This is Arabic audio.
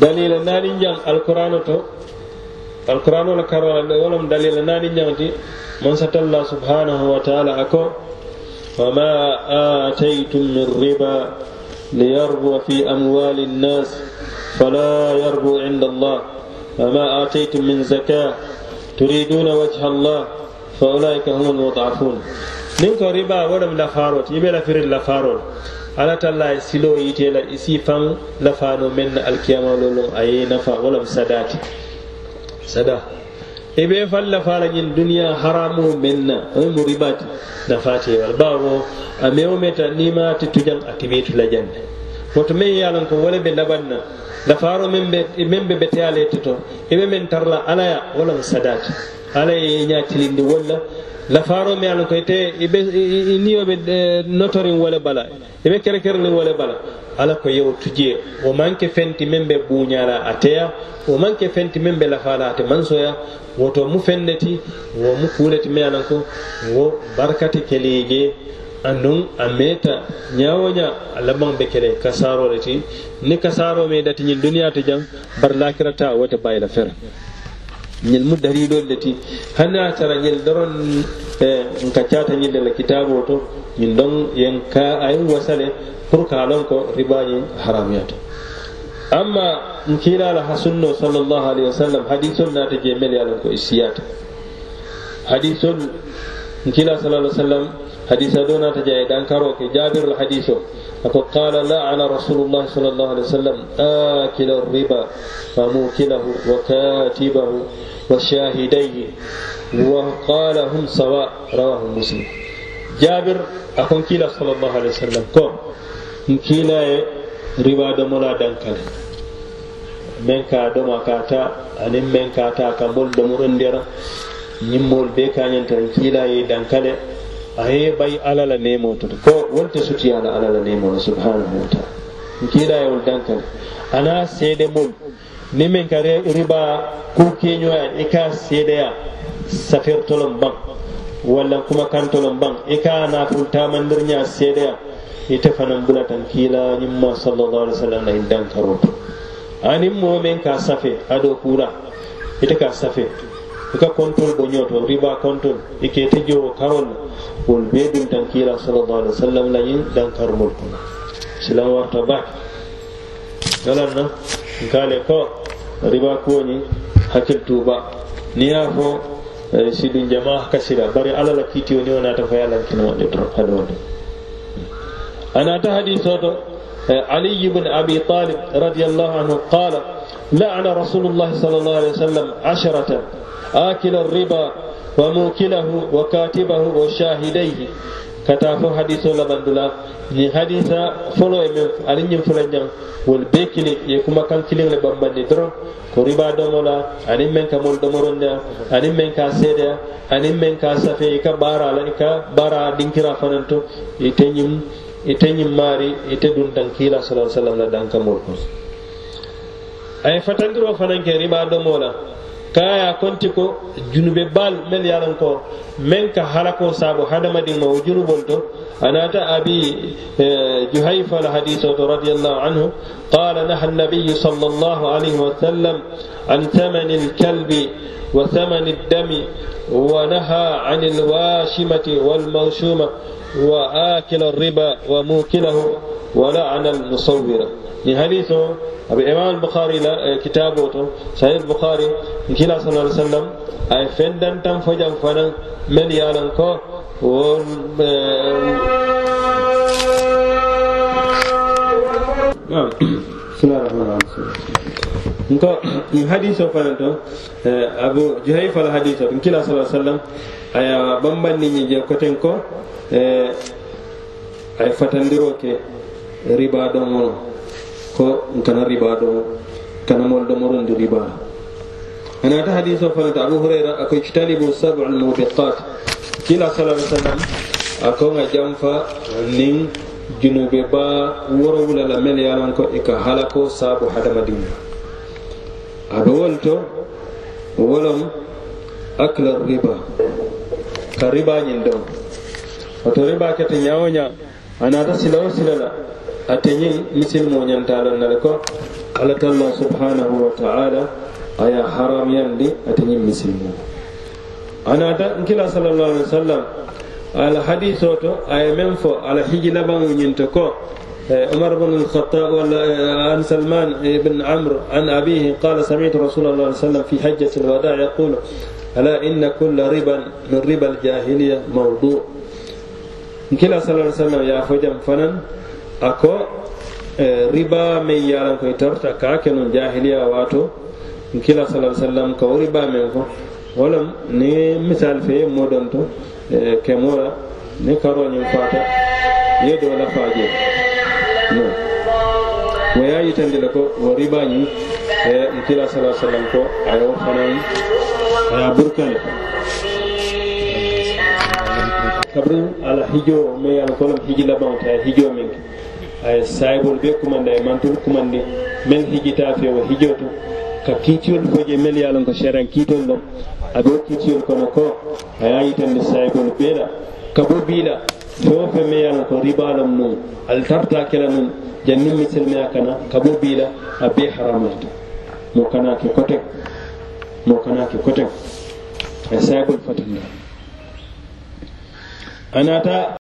dalila naani jaŋ alqur'ano to alqur'ano la karola wo lem dalila naani jaŋ ti mansatalla subhanahu wa taala a ko wama ataytum min riba liyarbua fi amwali nnas fala yarbu inda allah wama ataytum min zaka turiduna wajha allah fa ulaika hum almudafun nin ko riba wo lem lafaaroti i be lafirin lafaarol ala talla silo yite la isi si faŋ lafaano meŋ na alkiyama loloŋ a ye nafa wala sadati. sada i be fan lafa la duniya haramu men na eh, wo mu ribaati nafaati wala bawo a mewo meta nima ma ti tujan a tibiitu la jaŋ ne woto meŋ ye ko wala be labaŋ na lafaaro men be men be beteya tito ti men i alaya wala sadati la ala ya wo ala tilindi wolu lafaaroo mi ala koy te ɓe niwoɓe e, notorin wole bala eɓe kerekerenin wole bala ala ko yewo tujee o manque fenti men ɓe ɓuuñala a teya o manque fenti men ɓe lafaala ate mansoya woto mu fenneti wo mu kuuleti mi alan ko wo barkati keleeje anndun a meta ñawoña a labban ɓe kele kasaaroole ti ni kasaaro meɗatiñin duniya to jam bar lakirata wota bayila fera ñel mu dariɗol de ti hana tara ñel doron en kaccata ñilde la kitabe o to ñin ɗon yen ka ayen wasale pour ka lon ko ribaje haramiyata amma n kiilala ha sunno sallllahu alayhi wa sallam hadisol naata jemel yalon ko isiyata hadisol n kiila sallah alih wa sallam حديث دون تجاي دان كروك جابر الحديث أقول قال لا على رسول الله صلى الله عليه وسلم آكل الربا فموكله وكاتبه وشاهديه وقال هم سواء رواه مسلم جابر أقول كلا صلى الله عليه وسلم كم كلا ربا دمولا دان men من doma kata anin men kata ka bol da murun dera ñimmol be kañanta kiila ye aye bay alla la nemo to ko wonte sutiyala alla la nemo subhanahu wa ta'ala nkiila yewol dankal ana seede mum ni min ka riba ku sai da ya safir safirtolon ban walla kuma kantolon ban mandirnya sai da ya ita fanan bulatan kiila ñimma sallallahu alaihi wasallam na indan dankaroto anin mu min ka safe ado kura ita ka safe ika kontol boño to riba kontol ike te jowo karol wol beedum tan Sallallahu alaihi wasallam wa sallam lañi dankarmol kono silam warta bak galan na nkaale ko riba kuwoñi hakkil eh, tuuba niya fo sidu jama kasira bari ala la kiitiyo ni wonata fo yalankino wonde to hade anata hadis o to علي بن أبي طالب رضي الله عنه قال لعن رسول الله صلى الله آكل الربا وموكله وكاتبه وشاهديه kata fo hadiso labandula ni hadisa folo e men ani ñim fula ñang wol kuma kan kilin le bambandi doron ko riba domola ani men ka mol domoronda ani men ka seeda ani men ka safe i ka baara la i ka baara dinkira fananto ite ñim ite ñim maari ite dun tankila sallallahu alaihi wasallam la dankamol ko ay fatandiro fanan ke riba domola kaya konti ko junube bal mel yaran ko men ka halako sabu hadamadin ma junubol bonto anata abi juhaifa al hadith to radiyallahu anhu qala naha an-nabiy sallallahu alayhi wa sallam an thaman al-kalbi wa thaman al dam wa naha an al-washimati wal mawshuma wa akil al riba wa mukilahu wa la'ana al-musawwira ni hadith aɓe imam albouhari la eh, kitabo to sahi albouhari kila sa ah sallam ay fendan tan fojan fanan men yalan ko won eh, ah, bismillahirrahmanirrahim ko hadise o fanan to eh, abu juhayfal hadise o ɗum kila sa sallam aya bambanniñi je koten ko ay fatandiroke riba ɗon ono fo kana riba ɗo kana molɗo morondi riba anata hadis o fanata abou hurayra ako ijtanibu sabu almubiqat kila sala ai sallam akonga jamfa nin junube ba worowulala mele yalanko e ka halako saabu hadamadinga aɓe wolto wolom akla riba ka ribañin ɗon oto riba kete ñawoña anata silawo silala ateñiŋ misilimo ñantalo nale ko alla talla subhanahu wa taala aya haramyandi ateñiŋ misilimo anata nkila salallahu alih wa sallam ala hadiso to aye meŋ fo ala hiji labaŋo ñinto ko عمر بن الخطاب عن سلمان بن عمرو عن أبيه قال سمعت رسول الله صلى الله عليه وسلم في حجة الوداع يقول ألا إن كل ربا من ربا الجاهلية موضوع كلا صلى الله عليه وسلم يا فجم فنن ako eh, ko riba meŋ yaran ko tarta ka a ke nuŋ jahiliya wato kila sala sallam ka wo riba meŋ ko wo lem ni misali fe modonto moo donto eh, kemo ni karo ñiŋ ye la no wo ye yitandi ko wo riba e eh, kila sala sallam ko ayo fanan aya fanaŋ kabrin ala hijo me yal kolam hijila bawta hijo meŋ aya saybol be kumande ay mantol kumande mel hijita fe o hijoto ka kiitiyol koje mel yalon ko sharan kiitol ɗon aɓe kiitiyol kono ko aya yitande saybol beela kabo biila fewo fe me yalon ko ribalom num altarta kela num jannin misilmeya kana kabo biila a be haramlata mo kana ke kotek mo kana ke kotek ay saybol fatanda anata